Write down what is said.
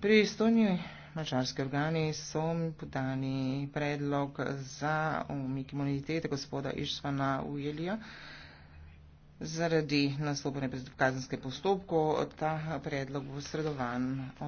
Pristojni mačarski organi so podani predlog za umik imunitete gospoda Išvana Ujelija zaradi nastopanja pred kazenske postopko. Ta predlog bo sredovan od.